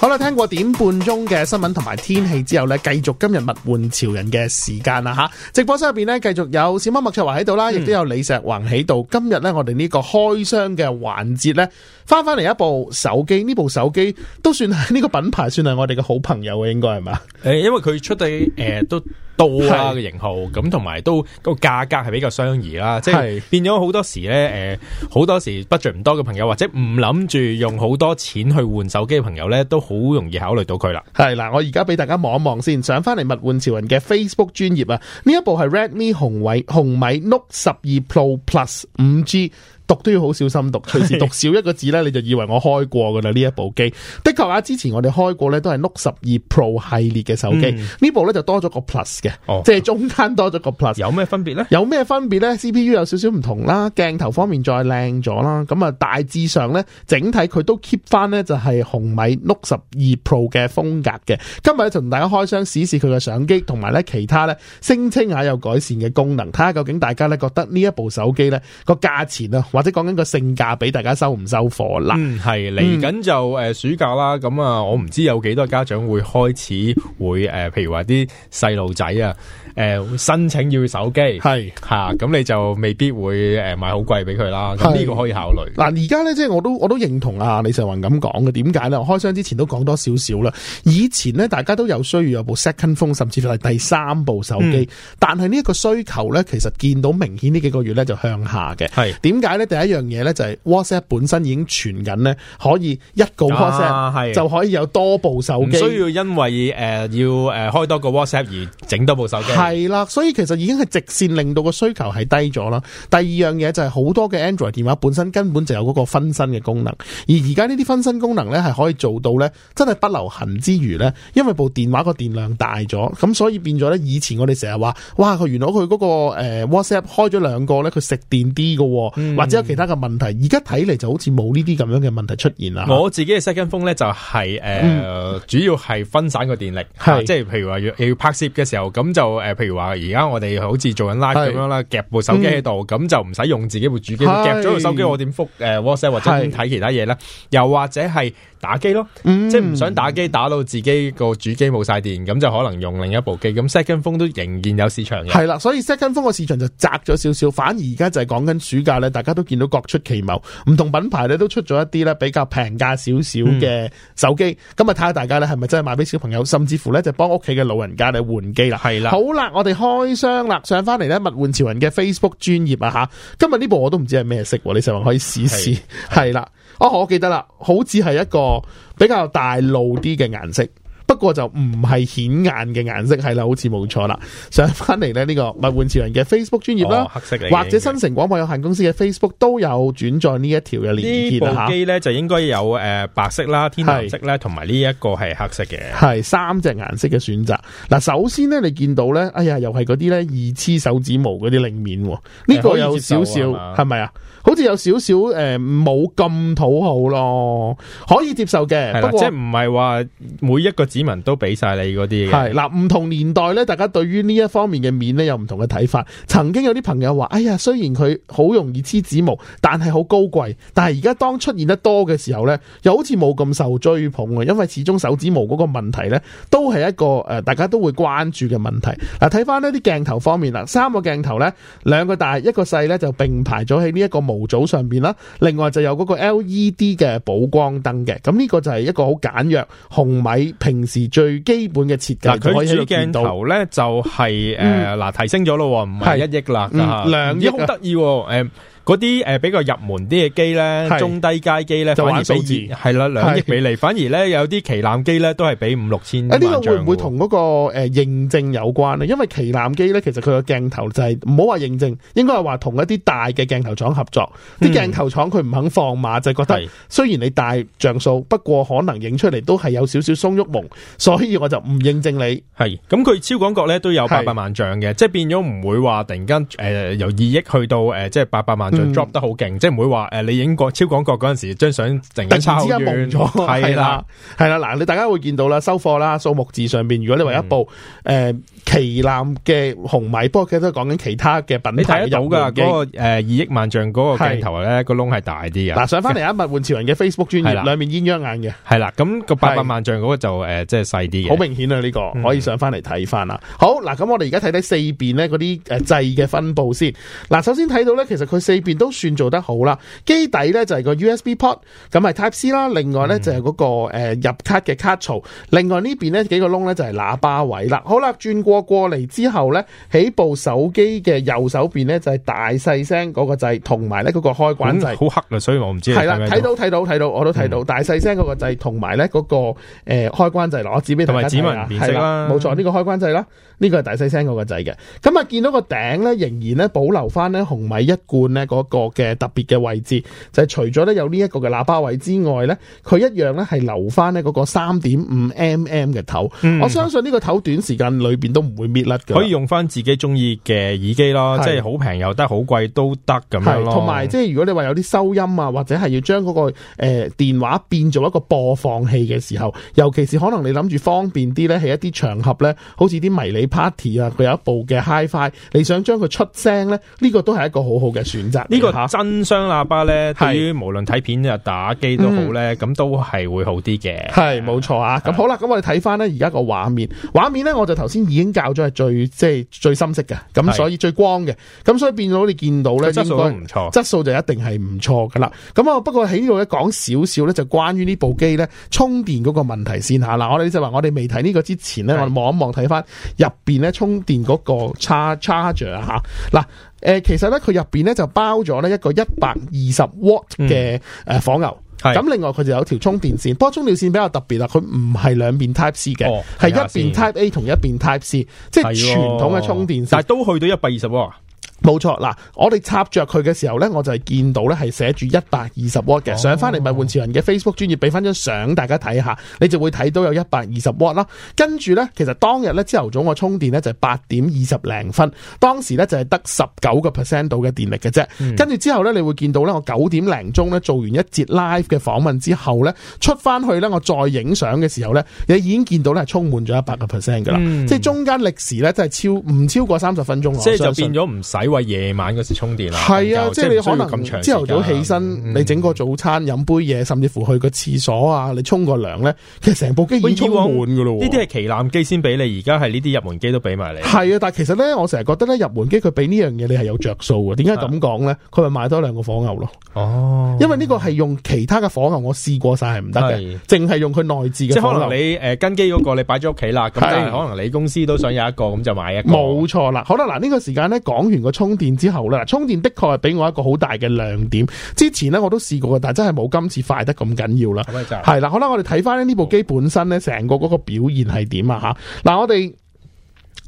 好啦，聽過點半鐘嘅新聞同埋天氣之後呢，繼續今日物玩潮人嘅時間啦吓！直播室入邊呢，繼續有小麥麥卓華喺度啦，亦都有李石宏喺度、嗯。今日呢，我哋呢個開箱嘅環節呢，翻翻嚟一部手機，呢部手機都算係呢、這個品牌，算係我哋嘅好朋友嘅，應該係嘛？誒，因為佢出嘅誒、呃、都。 多啊嘅型號，咁同埋都個價格係比較相宜啦，即係變咗好多時呢，誒，好多時 budget 唔、呃、多嘅朋友或者唔諗住用好多錢去換手機嘅朋友呢，都好容易考慮到佢啦。係嗱，我而家俾大家望一望先，上翻嚟物玩潮人嘅 Facebook 專頁啊，呢一部係 Redmi 紅偉紅米 Note 十二 Pro Plus 五 G。讀都要好小心讀，隨時讀少一個字咧，你就以為我開過噶啦。呢一部機的確話，之前我哋開過咧，都係 Note 十二 Pro 系列嘅手機。呢、嗯、部咧就多咗個 Plus 嘅、哦，即係中間多咗個 Plus。有咩分別呢？有咩分別呢？CPU 有少少唔同啦，鏡頭方面再靚咗啦。咁啊，大致上呢，整體佢都 keep 翻，呢就係紅米 Note 十二 Pro 嘅風格嘅。今日就同大家開箱試試，試試佢嘅相機，同埋呢其他呢聲稱下有改善嘅功能，睇下究竟大家呢覺得呢一部手機呢個價錢啊。或者講緊個性價比，大家收唔收貨啦？係嚟緊就誒暑假啦，咁、嗯、啊，我唔知有幾多家長會開始會誒、呃，譬如話啲細路仔啊，誒、呃、申請要手機係嚇，咁、啊、你就未必會誒買好貴俾佢啦。咁呢個可以考慮。嗱，而家咧即係我都我都認同啊李成雲咁講嘅，點解咧？我開箱之前都講多少少啦。以前咧，大家都有需要有部 second phone，甚至係第三部手機，嗯、但係呢一個需求咧，其實見到明顯呢幾個月咧就向下嘅。係點解咧？第一樣嘢咧就係 WhatsApp 本身已經傳緊咧，可以一個 WhatsApp 就可以有多部手機，啊，唔需要因為誒、呃、要誒開多個 WhatsApp 而整多部手機。係啦，所以其實已經係直線令到個需求係低咗啦。第二樣嘢就係好多嘅 Android 電話本身根本就有嗰個分身嘅功能，而而家呢啲分身功能咧係可以做到咧，真係不留痕之餘咧，因為部電話個電量大咗，咁所以變咗咧，以前我哋成日話，哇佢原來佢嗰個誒 WhatsApp 開咗兩個咧，佢食電啲嘅，或者。有其他嘅問題，而家睇嚟就好似冇呢啲咁樣嘅問題出現啦。我自己嘅 second phone 咧就係、是、誒、呃嗯，主要係分散個電力，即係譬如話要拍攝嘅時候，咁就誒，譬如話而家我哋好似做緊 live 咁樣啦，夾部手機喺度，咁、嗯、就唔使用，用自己部主機，夾咗部手機我點覆誒 WhatsApp 或者點睇其他嘢咧？又或者係打機咯，嗯、即係唔想打機打到自己個主機冇晒電，咁就可能用另一部機。咁 second phone 都仍然有市場嘅。係啦，所以 second phone 嘅市場就窄咗少少，反而而家就係講緊暑假咧，大家都。見到各出奇謀，唔同品牌咧都出咗一啲咧，比較平價少少嘅手機，今日睇下大家咧係咪真係買俾小朋友，甚至乎咧就幫屋企嘅老人家咧換機啦。係啦，好啦，我哋開箱啦，上翻嚟咧物換潮人嘅 Facebook 專頁啊吓，今日呢部我都唔知係咩色，你上網可以試試。係啦，啊、哦、我記得啦，好似係一個比較大路啲嘅顏色。不過就唔係顯眼嘅顏色，係啦，好似冇錯啦。上翻嚟咧，呢、這個物玩潮人嘅 Facebook 專頁啦，或者新城廣播有限公司嘅 Facebook 都有轉載呢一條嘅鏈接啦。吓、啊，呢部機咧就應該有誒、呃、白色啦、天藍色咧，同埋呢一個係黑色嘅，係三隻顏色嘅選擇。嗱、啊，首先咧你見到咧，哎呀，又係嗰啲咧二黐手指毛嗰啲領面，呢個有少少係咪啊？這個好似有少少誒冇咁討好咯，可以接受嘅。不過即係唔係話每一個指紋都俾晒你嗰啲嘅。嗱，唔同年代咧，大家對於呢一方面嘅面咧有唔同嘅睇法。曾經有啲朋友話，哎呀，雖然佢好容易黐指毛，但係好高貴。但係而家當出現得多嘅時候咧，又好似冇咁受追捧嘅，因為始終手指毛嗰個問題咧，都係一個誒大家都會關注嘅問題。嗱，睇翻呢啲鏡頭方面啦，三個鏡頭咧，兩個大一個細咧，就並排咗喺呢一個模。模組上邊啦，另外就有嗰個 LED 嘅補光燈嘅，咁呢個就係一個好簡約紅米平時最基本嘅設計。佢主鏡頭咧就係誒嗱提升咗咯，唔係一億粒嗱，兩億好得意誒。嗰啲誒比較入門啲嘅機咧，中低階機咧，反而比二係啦，兩億比例，反而咧有啲旗艦機咧都係比五六千萬像。呢個會唔會同嗰個誒認證有關啊？嗯，因為旗艦機咧其實佢個鏡頭就係唔好話認證，應該係話同一啲大嘅鏡頭廠合作，啲、嗯、鏡頭廠佢唔肯放馬，就係覺得雖然你大像素，不過可能影出嚟都係有少少鬆鬱朦，所以我就唔認證你。係咁，佢超廣角咧都有八百萬像嘅，即係變咗唔會話突然間誒、呃、由二億去到誒即係八百萬。就、嗯、drop 得好勁，即係唔會話誒、呃、你影過超廣角嗰陣時，張相成日差好遠，係啦，係啦，嗱你大家會見到啦，收貨啦，數目字上面，如果你為一部誒。嗯呃旗艦嘅紅米波，其實都講緊其他嘅品牌。你睇到噶嗰個誒二億萬像嗰個鏡頭咧，個窿係大啲嘅。嗱，上翻嚟啊，物換潮人嘅 Facebook 專頁，兩面鴛鴦眼嘅。係啦，咁個八百萬像嗰個就誒即係細啲。好明顯啊，呢個可以上翻嚟睇翻啦。好嗱，咁我哋而家睇睇四邊咧嗰啲誒掣嘅分布先。嗱，首先睇到咧，其實佢四邊都算做得好啦。機底咧就係、是、個 USB port，咁係 Type C 啦。另外咧、嗯、就係、是、嗰、那個誒、呃、入卡嘅卡槽。另外邊呢邊呢幾個窿咧就係喇叭位啦。好啦，轉過。我過嚟之後呢，喺部手機嘅右手邊呢，就係、是、大細聲嗰個掣，同埋呢嗰個開關掣。好黑啊，所以我唔知係啦。睇到睇到睇到，我都睇到、嗯、大細聲嗰個掣，同埋呢嗰個誒、呃、開關掣攞我指俾同埋指紋啊，係啦，冇錯，呢、這個開關掣啦。呢、這個係大細聲嗰個仔嘅，咁啊見到個頂咧，仍然咧保留翻咧紅米一貫咧嗰個嘅特別嘅位置，就係、是、除咗咧有呢一個嘅喇叭位之外咧，佢一樣咧係留翻呢嗰個三點五 mm 嘅頭、嗯。我相信呢個頭短時間裏面都唔會搣甩嘅。可以用翻自己中意嘅耳機咯，即係好平又得好貴都得咁樣咯。同埋即係如果你話有啲收音啊，或者係要將嗰、那個電、呃、電話變做一個播放器嘅時候，尤其是可能你諗住方便啲咧，喺一啲場合咧，好似啲迷你。party 啊，佢有一部嘅 Hi-Fi，你想將佢出聲咧，呢、這個都係一個好好嘅選擇。呢、這個真雙喇叭咧，係無論睇片啊、打機好、嗯、都好咧，咁都係會好啲嘅。係冇錯啊！咁好啦，咁我哋睇翻咧而家個畫面，畫面咧我就頭先已經校咗係最即係最深色嘅，咁所以最光嘅，咁所以變到你見到咧，質素都唔錯，質素就一定係唔錯噶啦。咁啊，不過喺呢度咧講少少咧，就關於呢部機咧充電嗰個問題先下啦，我哋就話我哋未睇呢個之前咧，我哋望一望睇翻入。邊咧充電嗰個 charger 吓，嗱，誒其實咧佢入邊咧就包咗呢一個一百二十瓦嘅，誒火牛，咁、嗯、另外佢就有條充電線，不過充電線比較特別啦，佢唔係兩邊 type C 嘅，哦，係一邊 type A 同一邊 type C，即係傳統嘅充電線，但係都去到一百二十。冇錯，嗱，我哋插着佢嘅時候呢，我就係見到呢係寫住一百二十瓦嘅，上翻嚟咪換潮人嘅 Facebook 專頁俾翻張相大家睇下，你就會睇到有一百二十瓦啦。跟住呢，其實當日呢朝頭早我充電呢就係八點二十零分，當時呢就係得十九個 percent 度嘅電力嘅啫、嗯。跟住之後呢，你會見到呢我九點零鐘呢做完一節 live 嘅訪問之後呢，出翻去呢我再影相嘅時候呢，你已經見到呢係充滿咗一百個 percent 噶啦，即係中間歷時呢，真係超唔超過三十分鐘，即係就變咗唔使。你夜晚嗰時充電啊，係啊，即係你可能朝頭早起身、嗯，你整個早餐，飲、嗯、杯嘢，甚至乎去個廁所啊，你沖個涼咧、嗯，其實成部機已經充滿噶咯。呢啲係旗艦機先俾你，而家係呢啲入門機都俾埋你。係啊，但係其實咧，我成日覺得咧，入門機佢俾呢樣嘢你係有着數嘅。點解咁講咧？佢咪買多兩個火牛咯？哦，因為呢個係用其他嘅火牛，我試過晒係唔得嘅，淨係用佢內置嘅。即係可能你誒跟機嗰個你擺咗屋企啦，咁、啊、可能你公司都想有一個，咁就買一個。冇錯啦，好啦，嗱、這、呢個時間咧講完充電之後咧，充電的確係俾我一個好大嘅亮點。之前咧我都試過嘅，但係真係冇今次快得咁緊要啦。係啦，好啦，我哋睇翻呢部機本身咧，成個嗰個表現係點啊？吓，嗱，我哋。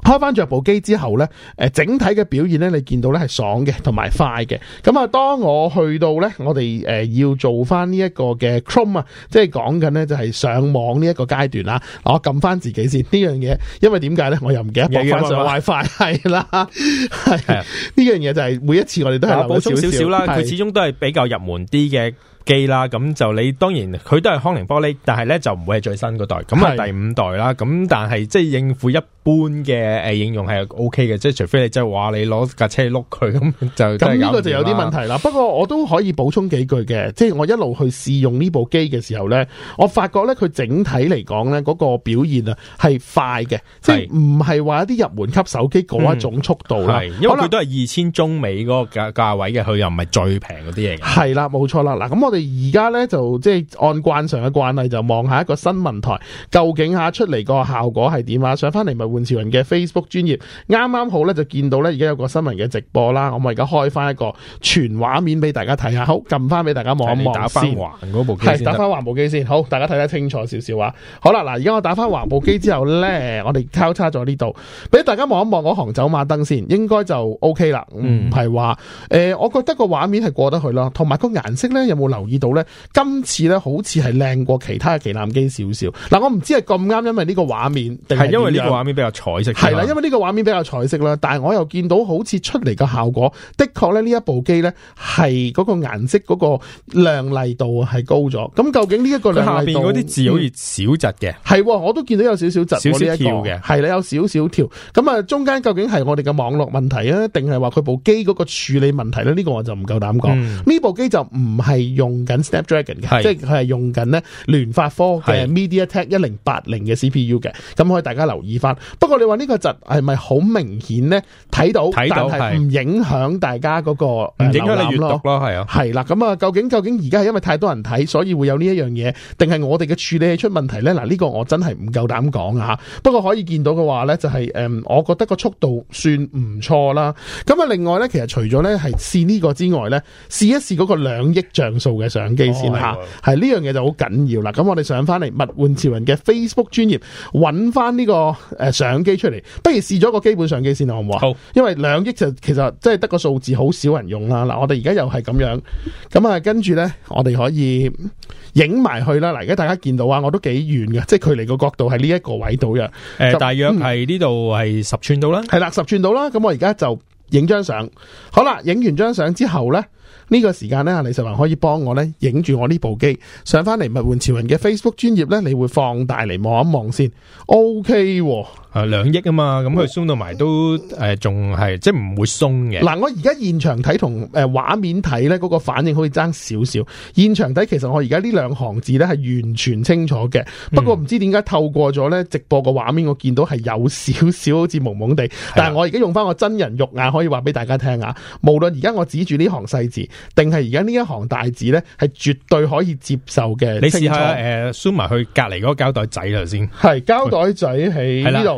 開翻着部機之後咧，誒，整體嘅表現咧，你見到咧係爽嘅，同埋快嘅。咁啊，當我去到咧，我哋誒要做翻呢一個嘅 Chrome 啊，即係講緊咧就係上網呢一個階段啦。我撳翻自己先呢樣嘢，因為點解咧，我又唔記得上 WiFi。WiFi 係啦，係呢樣嘢就係每一次我哋都係補充少少啦。佢始終都係比較入門啲嘅。機啦，咁就你當然佢都係康寧玻璃，但係咧就唔會係最新嗰代，咁啊第五代啦，咁但係即係應付一般嘅誒、呃、應用係 O K 嘅，即係除非你真係話你攞架車碌佢咁，就咁呢個就有啲問題啦。不過我都可以補充幾句嘅，即係我一路去試用呢部機嘅時候咧，我發覺咧佢整體嚟講咧嗰個表現啊係快嘅，即係唔係話一啲入門級手機嗰一種速度啦，嗯、因為佢都係二千中美嗰個價價位嘅，佢又唔係最平嗰啲嘢。係啦，冇錯啦，嗱咁我哋。而家呢，就即係按慣常嘅慣例，就望下一個新聞台究竟下出嚟個效果係點啊？上翻嚟咪換潮人嘅 Facebook 專頁，啱啱好呢，就見到呢而家有個新聞嘅直播啦。我咪而家開翻一個全畫面俾大家睇下。好，撳翻俾大家望一望。打翻部機，係，打翻橫部機先。好，大家睇得清楚少少啊。好啦，嗱，而家我打翻橫部機之後呢， 我哋交叉咗呢度，俾大家望一望我行走馬燈先，應該就 OK 啦。唔係話，我覺得個畫面係過得去咯，同埋個顏色呢，有冇流意到咧，今次咧好似係靚過其他旗艦機少少。嗱、嗯，我唔知係咁啱，因為呢個畫面，定係因為呢個畫面比較彩色。係啦，因為呢個畫面比較彩色啦。但係我又見到好似出嚟嘅效果，的確咧呢一部機咧係嗰個顏色嗰個亮麗度係高咗。咁究竟呢一個佢下邊嗰啲字好似小窒嘅，係、嗯、我都見到有少少窒少少跳嘅，係、這、咧、個、有少少跳。咁啊，中間究竟係我哋嘅網絡問題啊，定係話佢部機嗰個處理問題咧？呢、呢個我就唔夠膽講。呢、嗯、部機就唔係用用緊 Snapdragon 嘅，即係佢係用緊聯發科嘅 MediaTek 一零八零嘅 CPU 嘅，咁可以大家留意返。不過你話呢個窒係咪好明顯呢？睇到睇到，但係唔影響大家嗰、那個唔、呃、影響你閲讀咯，係啊，係啦。咁啊，究竟究竟而家係因為太多人睇，所以會有呢一樣嘢，定係我哋嘅處理器出問題呢？嗱，呢個我真係唔夠膽講啊。不過可以見到嘅話呢，就係、是嗯、我覺得個速度算唔錯啦。咁啊，另外呢，其實除咗呢係試呢個之外呢，試一試嗰個兩億像素嘅相機先啦，係、哦、呢、啊、樣嘢就好緊要啦。咁我哋上翻嚟物玩潮人嘅 Facebook 專頁，揾翻呢個誒、呃、相機出嚟。不如試咗個基本相機先啦，好唔好？好、哦，因為兩億就其實即係得個數字，好少人用啦。嗱，我哋而家又係咁樣，咁啊，跟住咧，我哋可以影埋去啦。嗱、啊，而家大家見到啊，我都幾遠嘅，即係距離個角度係呢一個位度嘅。誒、呃，大約係呢度係十吋到啦。係、嗯、啦，十吋到啦。咁我而家就影張相。好啦，影完張相之後咧。呢、這個時間咧，李世華可以幫我咧影住我呢部機上翻嚟物玩潮人嘅 Facebook 專頁咧，你會放大嚟望一望先，OK、哦誒、啊，兩億啊嘛，咁佢鬆到埋都誒，仲、呃、係即係唔會鬆嘅。嗱、啊，我而家現場睇同誒畫面睇呢嗰個反應可以爭少少。現場睇其實我而家呢兩行字呢係完全清楚嘅，嗯，不過唔知點解透過咗呢直播個畫面，我見到係有少少好似蒙蒙地。但係我而家用翻我真人肉眼可以話俾大家聽啊，無論而家我指住呢行細字，定係而家呢一行大字呢，係絕對可以接受嘅。你試下誒，sum 埋去隔離嗰個膠袋仔先。係膠袋仔喺呢度。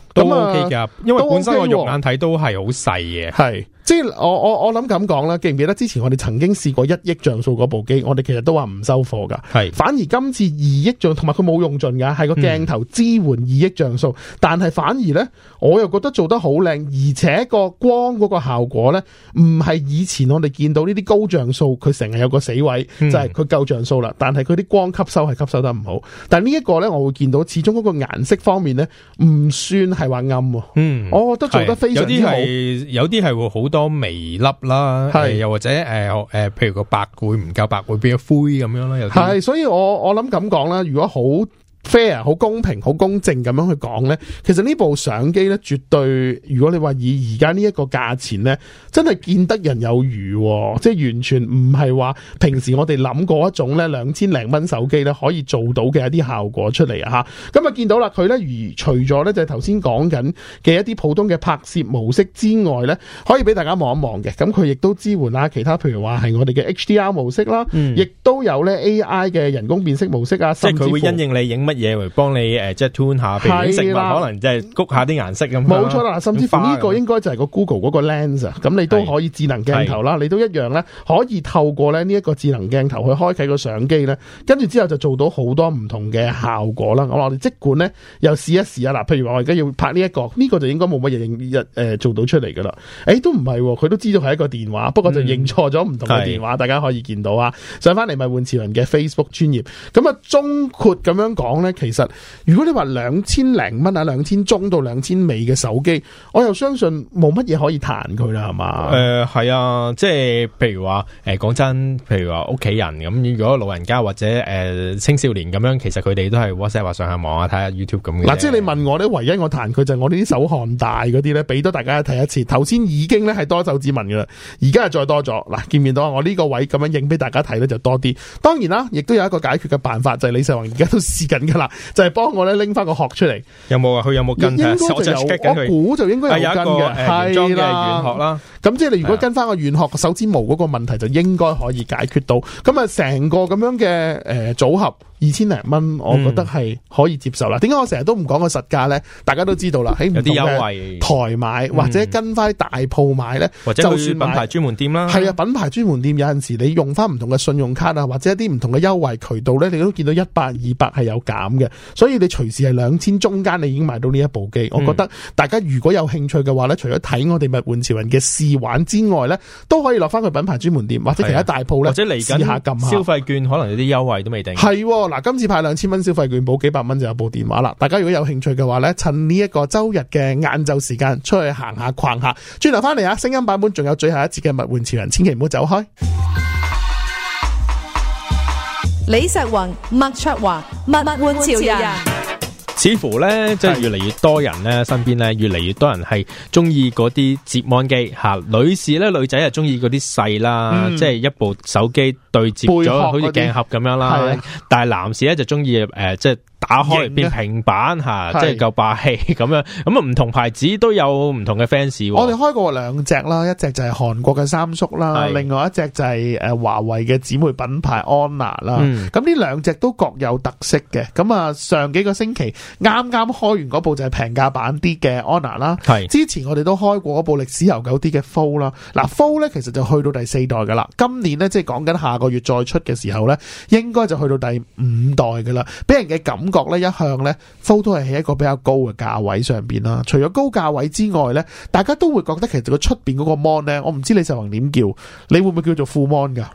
啊、都 OK 噶，因為本身個肉眼睇都係好細嘅。係，即係我我我諗咁講啦，記唔記得之前我哋曾經試過一億像素嗰部機，我哋其實都話唔收貨噶。係，反而今次二億像，同埋佢冇用盡噶，係個鏡頭支援二億像素，嗯、但係反而呢，我又覺得做得好靚，而且個光嗰個效果呢，唔係以前我哋見到呢啲高像素，佢成日有個死位，嗯、就係佢夠像素啦，但係佢啲光吸收係吸收得唔好。但係呢一個呢，我會見到始終嗰個顏色方面呢，唔算係話暗，嗯，我覺得做得非常之好。有啲係，有啲係會好多微粒啦，係、呃、又或者誒，誒、呃呃，譬如個白會唔夠白會，會變咗灰咁樣啦。係，所以我我諗咁講啦，如果好。fair 好公平好公正咁樣去講咧，其實呢部相機咧絕對，如果你話以而家呢一個價錢咧，真係見得人有餘，即係完全唔係話平時我哋諗過一種咧兩千零蚊手機咧可以做到嘅一啲效果出嚟啊！吓咁啊，見到啦佢咧，如除咗咧就係頭先講緊嘅一啲普通嘅拍攝模式之外咧，可以俾大家望一望嘅。咁佢亦都支援啦其他，譬如話係我哋嘅 HDR 模式啦，亦都有咧 AI 嘅人工辨識模式啊、嗯，甚至佢會因應你影乜乜嘢嚟？幫你誒，即係調下背景色，可能即係谷下啲顏色咁。冇錯啦，甚至呢個應該就係個 Google 嗰個 Lens 啊。咁你都可以智能鏡頭啦，你都一樣咧，可以透過咧呢一個智能鏡頭去開啟個相機咧。跟住之後就做到好多唔同嘅效果啦。我話你，即管咧又試一試啊。嗱，譬如話我而家要拍呢、這、一個，呢、這個就應該冇乜嘢誒做到出嚟噶啦。誒、欸，都唔係，佢都知道係一個電話，不過就認錯咗唔同嘅電話、嗯。大家可以見到啊，上翻嚟咪換次輪嘅 Facebook 專頁。咁啊，中括咁樣講。其實如果你話兩千零蚊啊，兩千中到兩千尾嘅手機，我又相信冇乜嘢可以彈佢啦，係嘛？誒、呃，係啊，即係譬如話誒，講真，譬如話屋企人咁，如果老人家或者誒、呃、青少年咁樣，其實佢哋都係 WhatsApp 話、啊、上下網啊，睇下 YouTube 咁。嗱，即係你問我咧，唯一我彈佢就係我呢啲手汗大嗰啲咧，俾多大家睇一次。頭 先已經咧係多手指紋噶啦，而家又再多咗。嗱，見唔見到？我呢個位咁樣影俾大家睇咧，就多啲。當然啦、啊，亦都有一個解決嘅辦法，就係、是、李世宏而家都試緊。啦， 就係幫我咧拎翻個殼出嚟。有冇啊？佢有冇跟嘅？我估就應該有跟嘅。係、啊、啦，咁、啊、即係你如果跟翻個軟殼手指毛嗰個問題，就應該可以解決到。咁啊，成個咁樣嘅、呃、組合。二千零蚊，我覺得係可以接受啦。點、嗯、解我成日都唔講個實價呢？大家都知道啦，喺唔同嘅優惠台買，有優惠，或者跟翻大鋪買呢，或者品牌專門店啦，係啊，品牌專門店有陣時你用翻唔同嘅信用卡啊，或者一啲唔同嘅優惠渠道呢，你都見到一百二百係有減嘅。所以你隨時係兩千中間，你已經買到呢一部機、嗯。我覺得大家如果有興趣嘅話呢，除咗睇我哋物玩潮人嘅試玩之外呢，都可以落翻去品牌專門店或者其他大鋪呢、啊，或者嚟下撳下消費券，可能有啲優惠都未定。嗯。嗱，今次派兩千蚊消費券，補幾百蚊就有部電話啦。大家如果有興趣嘅話咧，趁呢一個周日嘅晏晝時間出去行下逛下。轉頭翻嚟啊，聲音版本仲有最後一節嘅《物玩潮人》，千祈唔好走開。李石宏、麥卓華、物玩潮人。似乎咧，即係越嚟越多人咧，身邊咧越嚟越多人係中意嗰啲折彎機吓。女士咧，女仔就中意嗰啲細啦，嗯、即係一部手機對接咗，好似鏡盒咁樣啦。但係男士咧就中意誒，即係。打開變平板吓，即係夠霸氣咁樣。咁啊，唔同牌子都有唔同嘅 fans。我哋開過兩隻啦，一隻就係韓國嘅三叔啦，另外一隻就係誒華為嘅姊妹品牌 Honor 啦。咁呢兩隻都各有特色嘅。咁啊，上幾個星期啱啱開完嗰部就係平價版啲嘅 Honor 啦。係之前我哋都開過嗰部歷史悠久啲嘅 Fold 啦。嗱 Fold 咧其實就去到第四代噶啦。今年咧即係講緊下個月再出嘅時候咧，應該就去到第五代噶啦。俾人嘅感。覺咧一向咧，都都係喺一個比較高嘅價位上邊啦。除咗高價位之外咧，大家都會覺得其實面個出邊嗰個 mon 咧，我唔知李世宏點叫，你會唔會叫做副 mon 噶？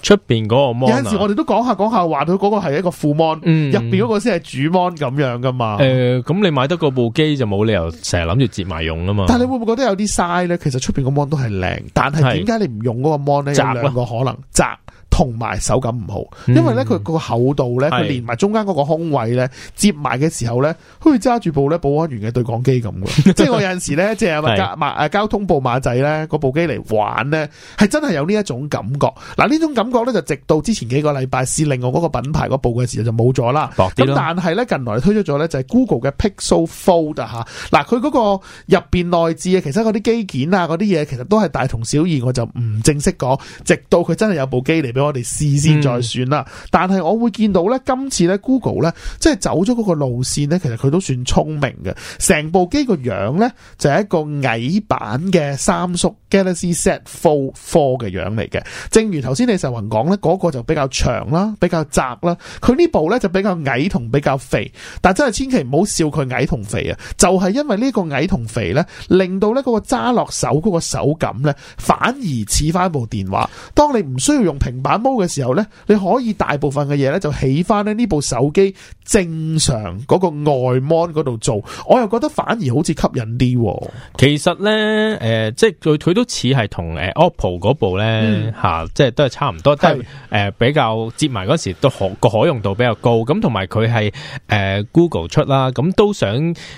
出邊嗰個 mon、啊、有陣時我哋都講下講下話佢嗰個係一個副 mon，入邊嗰個先係主 mon 咁樣噶嘛。誒、嗯，咁你買得嗰部機就冇理由成日諗住摺埋用啊嘛。但係你會唔會覺得有啲嘥咧？其實出邊個 mon 都係靚，但係點解你唔用嗰個 mon 咧？有兩個可能，窄。窄同埋手感唔好，因為咧佢個厚度咧，佢連埋中間嗰個空位咧，接埋嘅時候咧，好似揸住部咧保安員嘅對講機咁嘅。即 係我有陣時咧，即係有交交通部馬仔咧，嗰部機嚟玩咧，係真係有呢一種感覺。嗱，呢種感覺咧，就直到之前幾個禮拜試另外嗰個品牌嗰部嘅時候就冇咗啦。咁、啊、但係咧，近來推出咗咧，就係 Google 嘅 Pixel Fold 吓。嗱，佢嗰個入邊內置啊，其實嗰啲機件啊，嗰啲嘢，其實都係大同小異。我就唔正式講，直到佢真係有部機嚟俾我。嗯、我哋試先再算啦，但係我會見到咧，今次咧 Google 咧，即係走咗嗰個路線咧，其實佢都算聰明嘅。成部機個樣咧，就係一個矮版嘅三叔 Galaxy Set Four Four 嘅樣嚟嘅。正如頭先李石雲講咧，嗰、那個、就比較長啦，比較窄啦。佢呢部咧就比較矮同比較肥，但真係千祈唔好笑佢矮同肥啊！就係、是、因為呢個矮同肥咧，令到咧個揸落手嗰手感咧，反而似翻部電話。當你唔需要用平板。摸嘅時候咧，你可以大部分嘅嘢咧就起翻咧呢部手機正常嗰個外芒嗰度做，我又覺得反而好似吸引啲。其實咧，誒、呃，即係佢佢都似係同誒 OPPO 嗰部咧吓、嗯啊，即係都係差唔多，但係誒比較接埋嗰時都可個可用度比較高。咁同埋佢係誒 Google 出啦，咁都想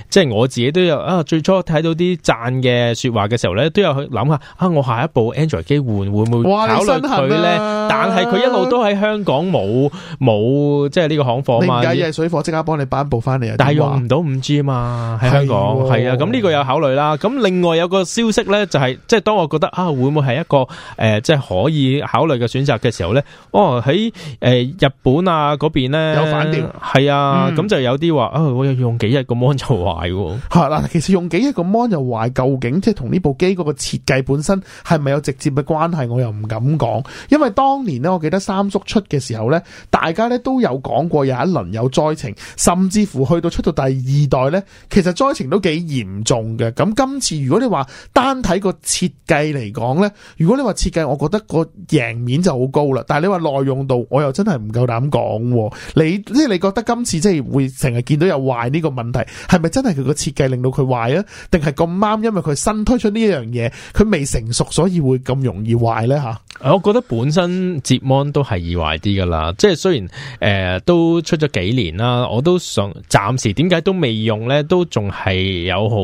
即係我自己都有啊。最初睇到啲讚嘅說話嘅時候咧，都有去諗下啊，我下一部 Android 機換會唔會考慮佢咧？但係佢一路都喺香港冇冇即係呢個行貨嘛？你水貨即刻幫你頒布返翻嚟，但係用唔到五 G 啊嘛，喺香港係啊，咁呢個有考慮啦。咁另外有個消息咧、就是，就係即係當我覺得啊，會唔會係一個誒、呃、即係可以考慮嘅選擇嘅時候咧？哦喺誒、呃、日本啊嗰邊咧有反調係啊，咁、嗯、就有啲話啊，我又用幾日個 mon 就壞喎。吓其實用幾日個 mon 就壞，究竟即係同呢部機嗰個設計本身係咪有直接嘅關係？我又唔敢講，因為當。年呢，我記得三叔出嘅時候呢，大家呢都有講過有一輪有災情，甚至乎去到出到第二代呢，其實災情都幾嚴重嘅。咁今次如果你話單睇個設計嚟講呢，如果你話設計，我覺得個贏面就好高啦。但係你話耐用度，我又真係唔夠膽講。你即係你覺得今次即係會成日見到有壞呢個問題，係咪真係佢個設計令到佢壞啊？定係咁啱，因為佢新推出呢樣嘢，佢未成熟，所以會咁容易壞呢？吓，我覺得本身。接 mon 都係意外啲噶啦，即係雖然誒、呃、都出咗幾年啦，我都想暫時點解都未用咧，都仲係有好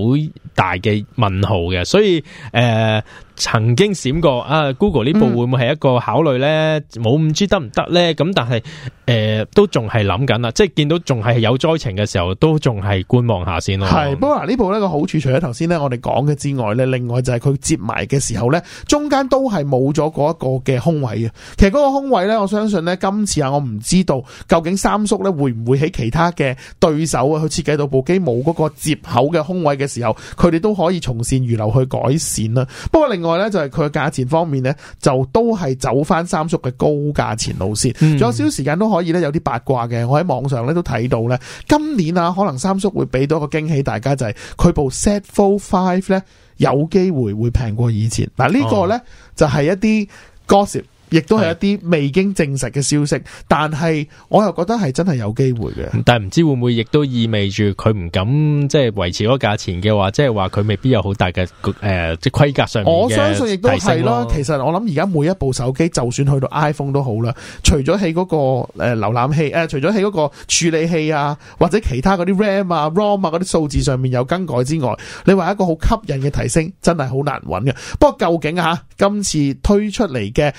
大嘅問號嘅，所以誒。呃曾經閃過啊，Google 呢部會唔會係一個考慮咧？冇唔知得唔得咧？咁但係誒都仲係諗緊啦，即係見到仲係有災情嘅時候，都仲係觀望下先咯。係，不過嗱呢部咧個好處，除咗頭先咧我哋講嘅之外咧，另外就係佢接埋嘅時候咧，中間都係冇咗嗰一個嘅空位啊。其實嗰個空位咧，我相信咧今次啊，我唔知道究竟三叔咧會唔會喺其他嘅對手去設計到部機冇嗰個接口嘅空位嘅時候，佢哋都可以從善如流去改善啦。不過另外，另外咧就係佢嘅價錢方面咧，就都係走翻三叔嘅高價錢路線，仲有少少時間都可以咧有啲八卦嘅。我喺網上咧都睇到咧，今年啊可能三叔會俾到個驚喜，大家就係佢部 set fold five 咧有機會會平過以前。嗱、這、呢個咧就係一啲 gossip。亦都係一啲未經證實嘅消息，但係我又覺得係真係有機會嘅。但係唔知會唔會亦都意味住佢唔敢即係維持嗰個價錢嘅話，即係話佢未必有好大嘅誒即係規格上面。我相信亦都係咯。其實我諗而家每一部手機，就算去到 iPhone 都好啦，除咗喺嗰個誒瀏覽器誒，除咗喺嗰個處理器啊，或者其他嗰啲 RAM 啊、ROM 啊嗰啲數字上面有更改之外，你話一個好吸引嘅提升，真係好難揾嘅。不過究竟啊，今次推出嚟嘅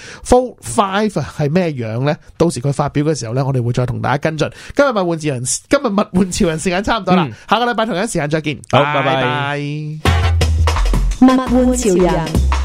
Five 係咩樣咧？到時佢發表嘅時候咧，我哋會再同大家跟進。今日物玩潮人，今日物玩潮人時間差唔多啦。嗯、下個禮拜同一時間再見。好，拜拜。物玩潮人。